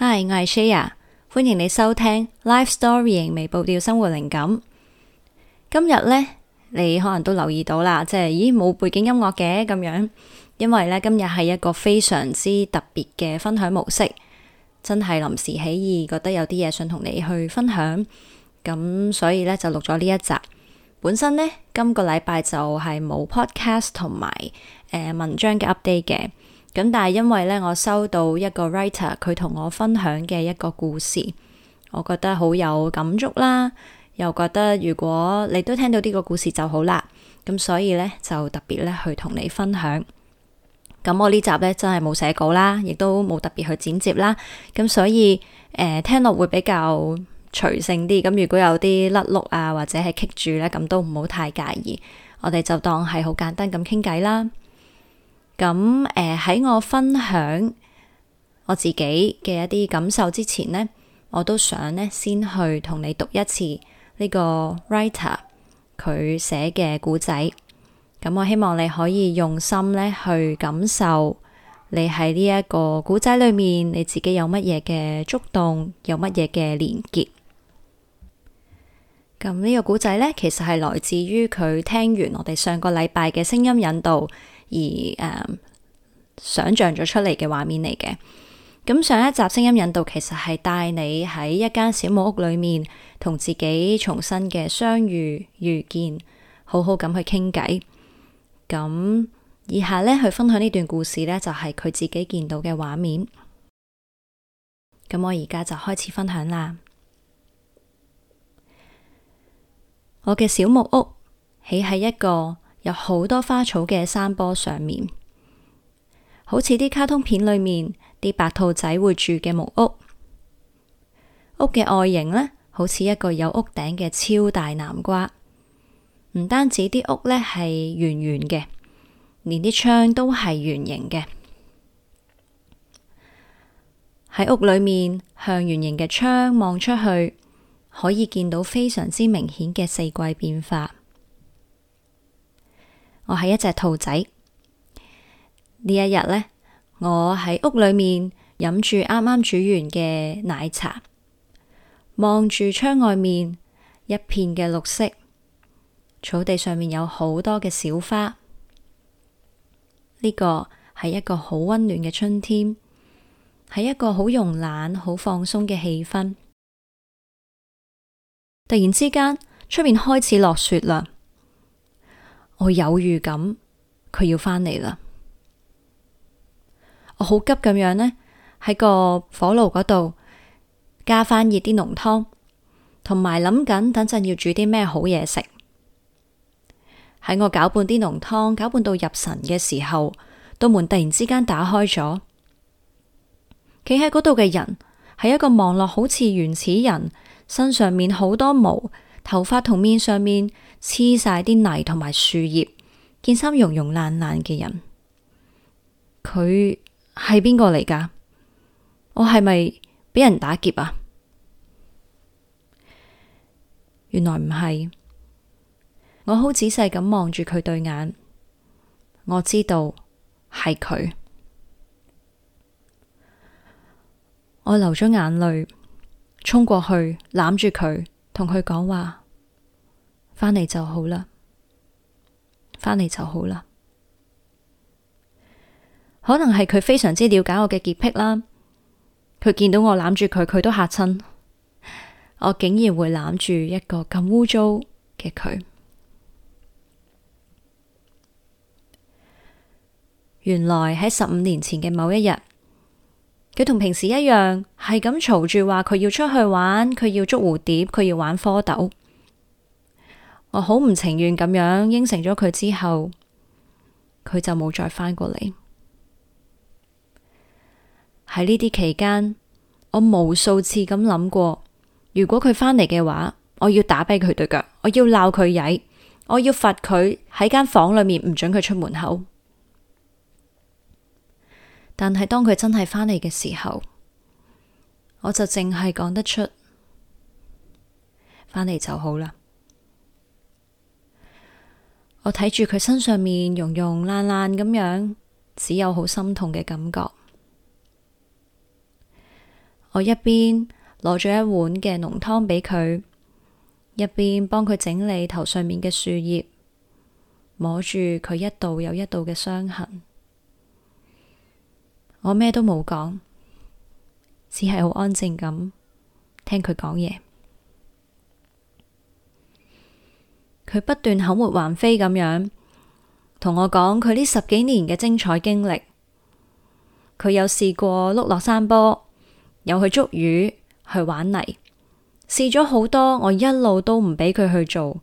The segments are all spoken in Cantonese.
Hi，我係 s h a a 歡迎你收聽《Life Story 微步調生活靈感》。今日咧，你可能都留意到啦，即係咦冇背景音樂嘅咁樣，因為咧今日係一個非常之特別嘅分享模式，真係臨時起意，覺得有啲嘢想同你去分享，咁所以咧就錄咗呢一集。本身咧今，這個禮拜就係冇 podcast 同埋，誒、呃、文章嘅 update 嘅。咁但係因為咧，我收到一個 writer，佢同我分享嘅一個故事，我覺得好有感觸啦，又覺得如果你都聽到呢個故事就好啦。咁所以咧，就特別咧去同你分享。咁我呢集咧真係冇寫稿啦，亦都冇特別去剪接啦。咁所以誒，聽落會比較隨性啲。咁如果有啲甩碌啊，或者係棘住咧，咁都唔好太介意。我哋就當係好簡單咁傾偈啦。咁誒，喺、呃、我分享我自己嘅一啲感受之前呢，我都想呢先去同你讀一次呢個 writer 佢寫嘅古仔。咁我希望你可以用心咧去感受，你喺呢一個古仔裏面，你自己有乜嘢嘅觸動，有乜嘢嘅連結。咁呢個古仔呢，其實係來自於佢聽完我哋上個禮拜嘅聲音引導。而、um, 想像咗出嚟嘅畫面嚟嘅，咁上一集聲音引導其實係帶你喺一間小木屋裏面同自己重新嘅相遇遇見，好好咁去傾偈。咁以下呢去分享呢段故事呢，就係、是、佢自己見到嘅畫面。咁我而家就開始分享啦。我嘅小木屋起喺一個有好多花草嘅山坡上面，好似啲卡通片裏面啲白兔仔會住嘅木屋。屋嘅外形呢，好似一個有屋頂嘅超大南瓜。唔單止啲屋呢係圓圓嘅，連啲窗都係圓形嘅。喺屋裏面向圓形嘅窗望出去，可以見到非常之明顯嘅四季變化。我係一隻兔仔。呢一日呢，我喺屋裏面飲住啱啱煮完嘅奶茶，望住窗外面一片嘅綠色草地上面有好多嘅小花。呢個係一個好溫暖嘅春天，係一個好慵懶、好放鬆嘅氣氛。突然之間，出面開始落雪啦。我有預感佢要翻嚟啦，我好急咁樣呢，喺個火爐嗰度加翻熱啲濃湯，同埋諗緊等陣要煮啲咩好嘢食。喺我攪拌啲濃湯攪拌到入神嘅時候，道門突然之間打開咗，企喺嗰度嘅人係一個望落好似原始人，身上面好多毛。頭髮同面上面黐晒啲泥同埋樹葉，件衫融融爛爛嘅人，佢係邊個嚟㗎？我係咪俾人打劫啊？原來唔係，我好仔細咁望住佢對眼，我知道係佢，我流咗眼淚，衝過去攬住佢，同佢講話。翻嚟就好啦，翻嚟就好啦。可能係佢非常之了解我嘅潔癖啦。佢見到我攬住佢，佢都嚇親。我竟然會攬住一個咁污糟嘅佢。原來喺十五年前嘅某一日，佢同平時一樣，係咁嘈住話佢要出去玩，佢要捉蝴蝶，佢要玩蝌蚪。我好唔情願咁樣應承咗佢之後，佢就冇再翻過嚟。喺呢啲期間，我無數次咁諗過，如果佢翻嚟嘅話，我要打俾佢對腳，我要鬧佢曳，我要罰佢喺間房裏面唔准佢出門口。但係當佢真係翻嚟嘅時候，我就淨係講得出，翻嚟就好啦。我睇住佢身上面融融爛爛咁樣，只有好心痛嘅感覺。我一邊攞咗一碗嘅濃湯俾佢，一邊幫佢整理頭上面嘅樹葉，摸住佢一道又一道嘅傷痕。我咩都冇講，只係好安靜咁聽佢講嘢。佢不斷口沫橫飛咁樣同我講佢呢十幾年嘅精彩經歷，佢有試過碌落山坡，有去捉魚，去玩泥，試咗好多我，我一路都唔俾佢去做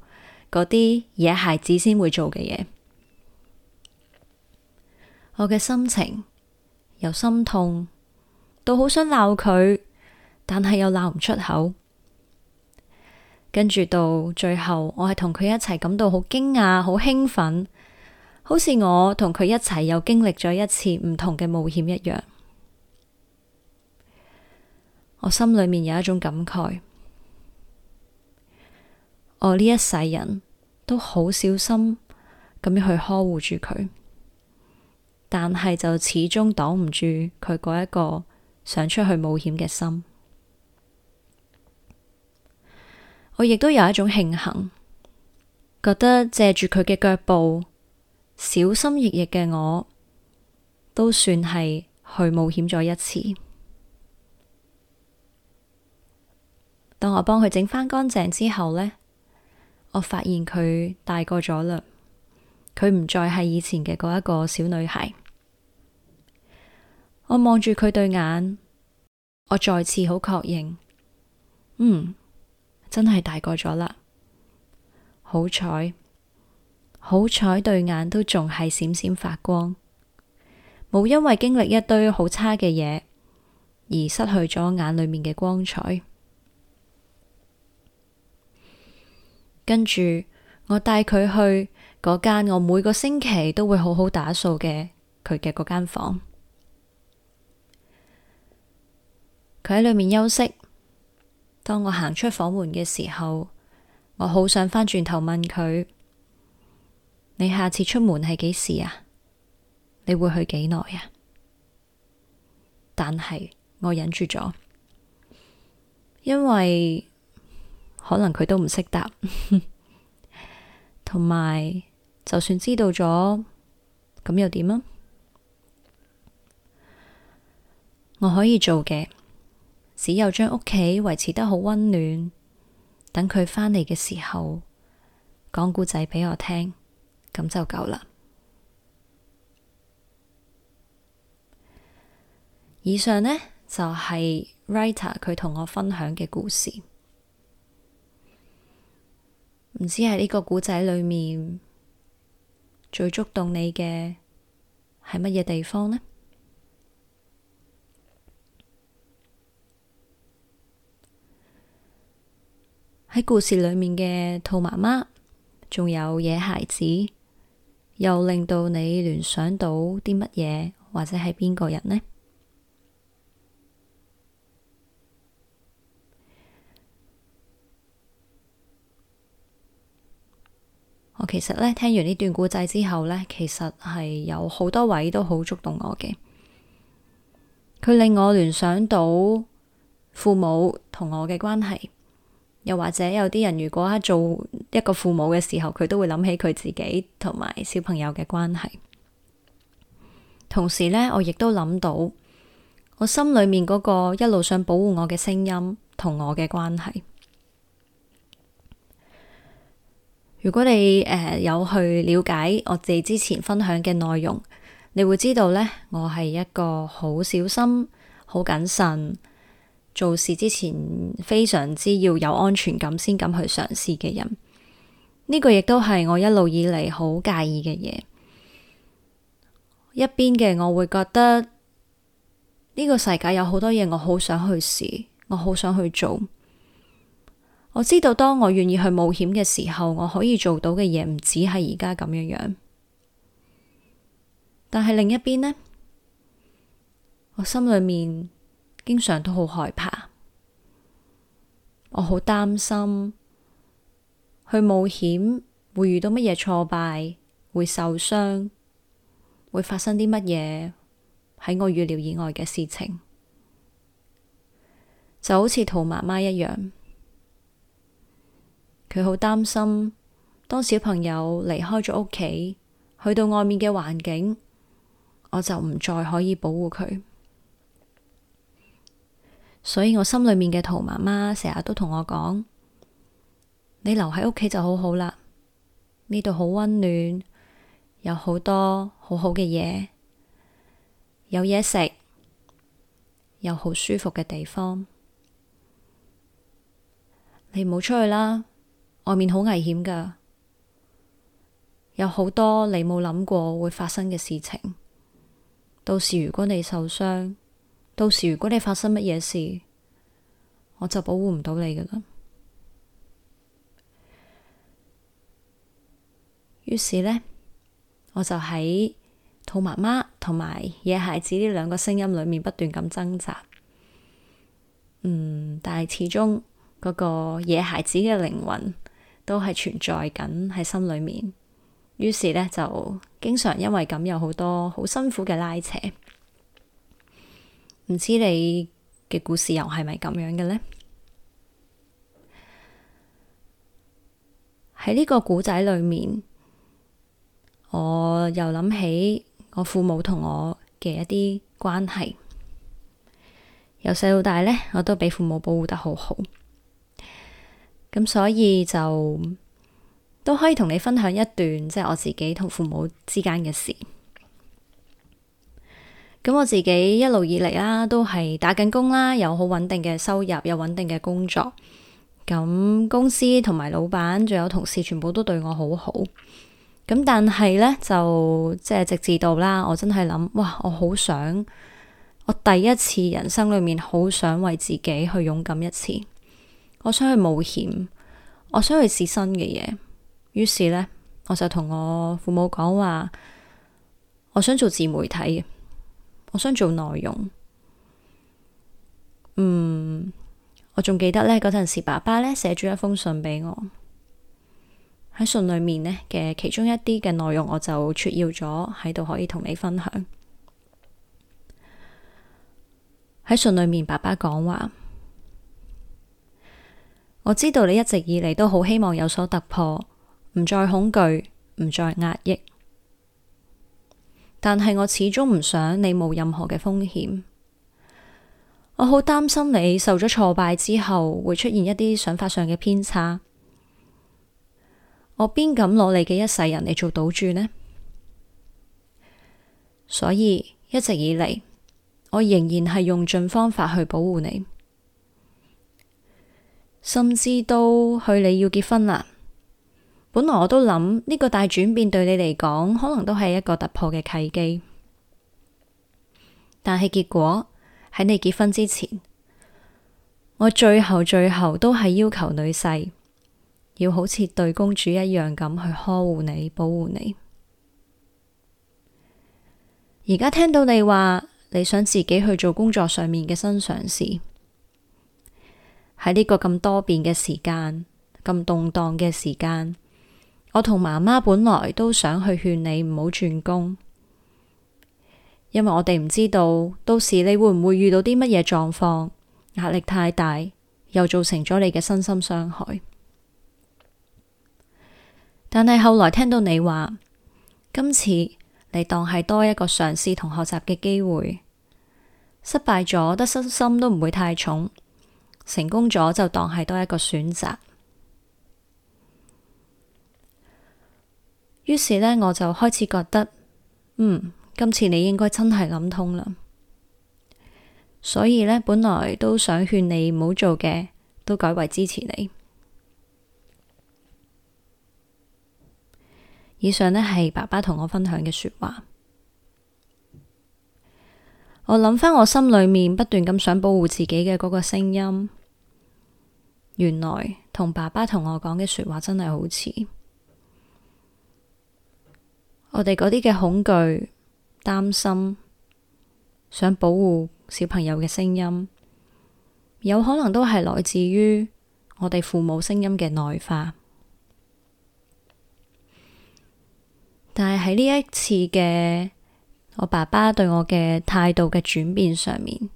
嗰啲野孩子先會做嘅嘢。我嘅心情又心痛到好想鬧佢，但係又鬧唔出口。跟住到最後，我係同佢一齊感到好驚訝、好興奮，好似我同佢一齊又經歷咗一次唔同嘅冒險一樣。我心裏面有一種感慨，我呢一世人，都好小心咁樣去呵護住佢，但係就始終擋唔住佢嗰一個想出去冒險嘅心。我亦都有一種慶幸，覺得借住佢嘅腳步，小心翼翼嘅我都算係去冒險咗一次。當我幫佢整翻乾淨之後呢,我發現佢大個咗嘞，佢唔再係以前嘅嗰一個小女孩。我望住佢對眼，我再次好確認，嗯。真係大個咗啦，好彩，好彩，對眼都仲係閃閃發光，冇因為經歷一堆好差嘅嘢而失去咗眼裏面嘅光彩。跟住我帶佢去嗰間我每個星期都會好好打掃嘅，佢嘅嗰間房，佢喺裏面休息。當我行出房門嘅時候，我好想返轉頭問佢：你下次出門係幾時啊？你會去幾耐啊？但係我忍住咗，因為可能佢都唔識答，同 埋就算知道咗，咁又點啊？我可以做嘅。只有將屋企維持得好溫暖，等佢返嚟嘅時候講故仔畀我聽，咁就夠啦。以上呢就係、是、Writer 佢同我分享嘅故事，唔知喺呢個故仔裏面最觸動你嘅係乜嘢地方呢？喺故事裏面嘅兔媽媽，仲有野孩子，又令到你聯想到啲乜嘢，或者係邊個人呢？我其實呢，聽完呢段故仔之後呢，其實係有好多位都好觸動我嘅。佢令我聯想到父母同我嘅關係。又或者有啲人，如果喺做一個父母嘅時候，佢都會諗起佢自己同埋小朋友嘅關係。同時呢，我亦都諗到我心裏面嗰個一路想保護我嘅聲音同我嘅關係。如果你誒、呃、有去了解我自己之前分享嘅內容，你會知道呢，我係一個好小心、好謹慎。做事之前非常之要有安全感先敢去嘗試嘅人，呢個亦都係我一路以嚟好介意嘅嘢。一邊嘅我會覺得呢個世界有好多嘢我好想去試，我好想去做。我知道當我願意去冒險嘅時候，我可以做到嘅嘢唔止係而家咁樣樣。但係另一邊呢，我心裏面。經常都好害怕，我好擔心去冒險會遇到乜嘢挫敗，會受傷，會發生啲乜嘢喺我預料以外嘅事情，就好似兔媽媽一樣，佢好擔心當小朋友離開咗屋企，去到外面嘅環境，我就唔再可以保護佢。所以我心裏面嘅兔媽媽成日都同我講：你留喺屋企就好好啦，呢度好溫暖，有好多好好嘅嘢，有嘢食，有好舒服嘅地方。你唔好出去啦，外面好危險噶，有好多你冇諗過會發生嘅事情。到時如果你受傷，到時如果你發生乜嘢事，我就保護唔到你噶啦。於是呢，我就喺兔媽媽同埋野孩子呢兩個聲音裏面不斷咁掙扎。嗯，但係始終嗰個野孩子嘅靈魂都係存在緊喺心裏面。於是呢，就經常因為咁有好多好辛苦嘅拉扯。唔知你嘅故事又係咪咁樣嘅呢？喺呢個故仔裏面，我又諗起我父母同我嘅一啲關係。由細到大呢，我都俾父母保護得好好。咁所以就都可以同你分享一段，即係我自己同父母之間嘅事。咁我自己一路以嚟啦，都係打緊工啦，有好穩定嘅收入，有穩定嘅工作。咁公司同埋老闆，仲有同事，全部都對我好好。咁但係咧，就即係直至到啦，我真係諗哇，我好想我第一次人生裏面好想為自己去勇敢一次，我想去冒險，我想去試新嘅嘢。於是咧，我就同我父母講話，我想做自媒體。我想做內容，嗯，我仲記得呢嗰陣時，爸爸呢寫咗一封信俾我。喺信裏面呢嘅，其中一啲嘅內容，我就摘要咗喺度，可以同你分享。喺信裏面，爸爸講話，我知道你一直以嚟都好希望有所突破，唔再恐懼，唔再壓抑。但係我始終唔想你冇任何嘅風險，我好擔心你受咗挫敗之後會出現一啲想法上嘅偏差，我邊敢攞你嘅一世人嚟做賭注呢？所以一直以嚟，我仍然係用盡方法去保護你，甚至都去你要結婚啦。本來我都諗呢個大轉變對你嚟講，可能都係一個突破嘅契機。但係結果喺你結婚之前，我最後最後都係要求女婿要好似對公主一樣咁去呵護你、保護你。而家聽到你話你想自己去做工作上面嘅新嘗試，喺呢個咁多變嘅時間、咁動盪嘅時間。我同媽媽本來都想去勸你唔好轉工，因為我哋唔知道到時你會唔會遇到啲乜嘢狀況，壓力太大，又造成咗你嘅身心傷害。但係後來聽到你話，今次你當係多一個嘗試同學習嘅機會，失敗咗得失心都唔會太重，成功咗就當係多一個選擇。於是呢，我就開始覺得，嗯，今次你應該真係諗通啦。所以呢，本來都想勸你唔好做嘅，都改為支持你。以上呢係爸爸同我分享嘅說話。我諗翻我心裏面不斷咁想保護自己嘅嗰個聲音，原來同爸爸同我講嘅說話真係好似。我哋嗰啲嘅恐懼、擔心、想保護小朋友嘅聲音，有可能都係來自於我哋父母聲音嘅內化。但係喺呢一次嘅我爸爸對我嘅態度嘅轉變上面，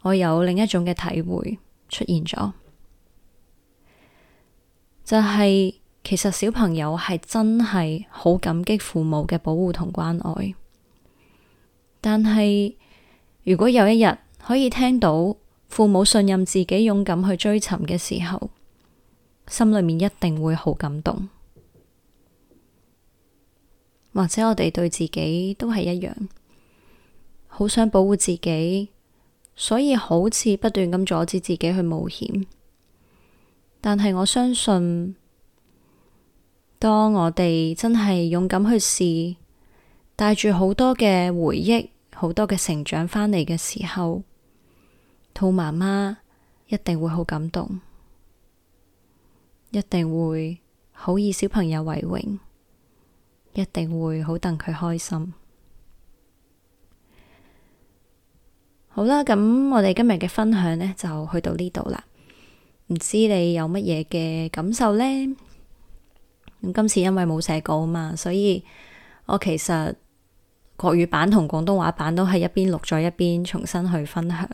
我有另一種嘅體會出現咗，就係、是。其實小朋友係真係好感激父母嘅保護同關愛，但係如果有一日可以聽到父母信任自己，勇敢去追尋嘅時候，心裏面一定會好感動。或者我哋對自己都係一樣，好想保護自己，所以好似不斷咁阻止自己去冒險，但係我相信。當我哋真係勇敢去試，帶住好多嘅回憶、好多嘅成長翻嚟嘅時候，兔媽媽一定會好感動，一定會好以小朋友為榮，一定會好戥佢開心。好啦，咁我哋今日嘅分享呢就去到呢度啦。唔知你有乜嘢嘅感受呢？咁今次因為冇寫稿啊嘛，所以我其實國語版同廣東話版都係一邊錄咗一邊重新去分享，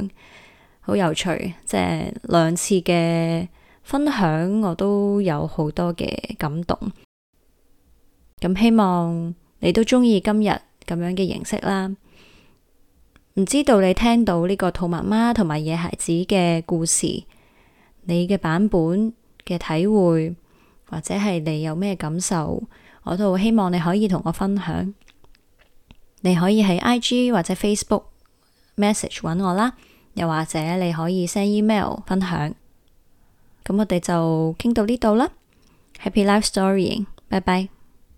好有趣。即係兩次嘅分享，我都有好多嘅感動。咁希望你都中意今日咁樣嘅形式啦。唔知道你聽到呢個兔媽媽同埋野孩子嘅故事，你嘅版本嘅體會。或者係你有咩感受，我都好希望你可以同我分享。你可以喺 IG 或者 Facebook message 揾我啦，又或者你可以 send email 分享。咁我哋就傾到呢度啦，Happy Life Story，拜拜。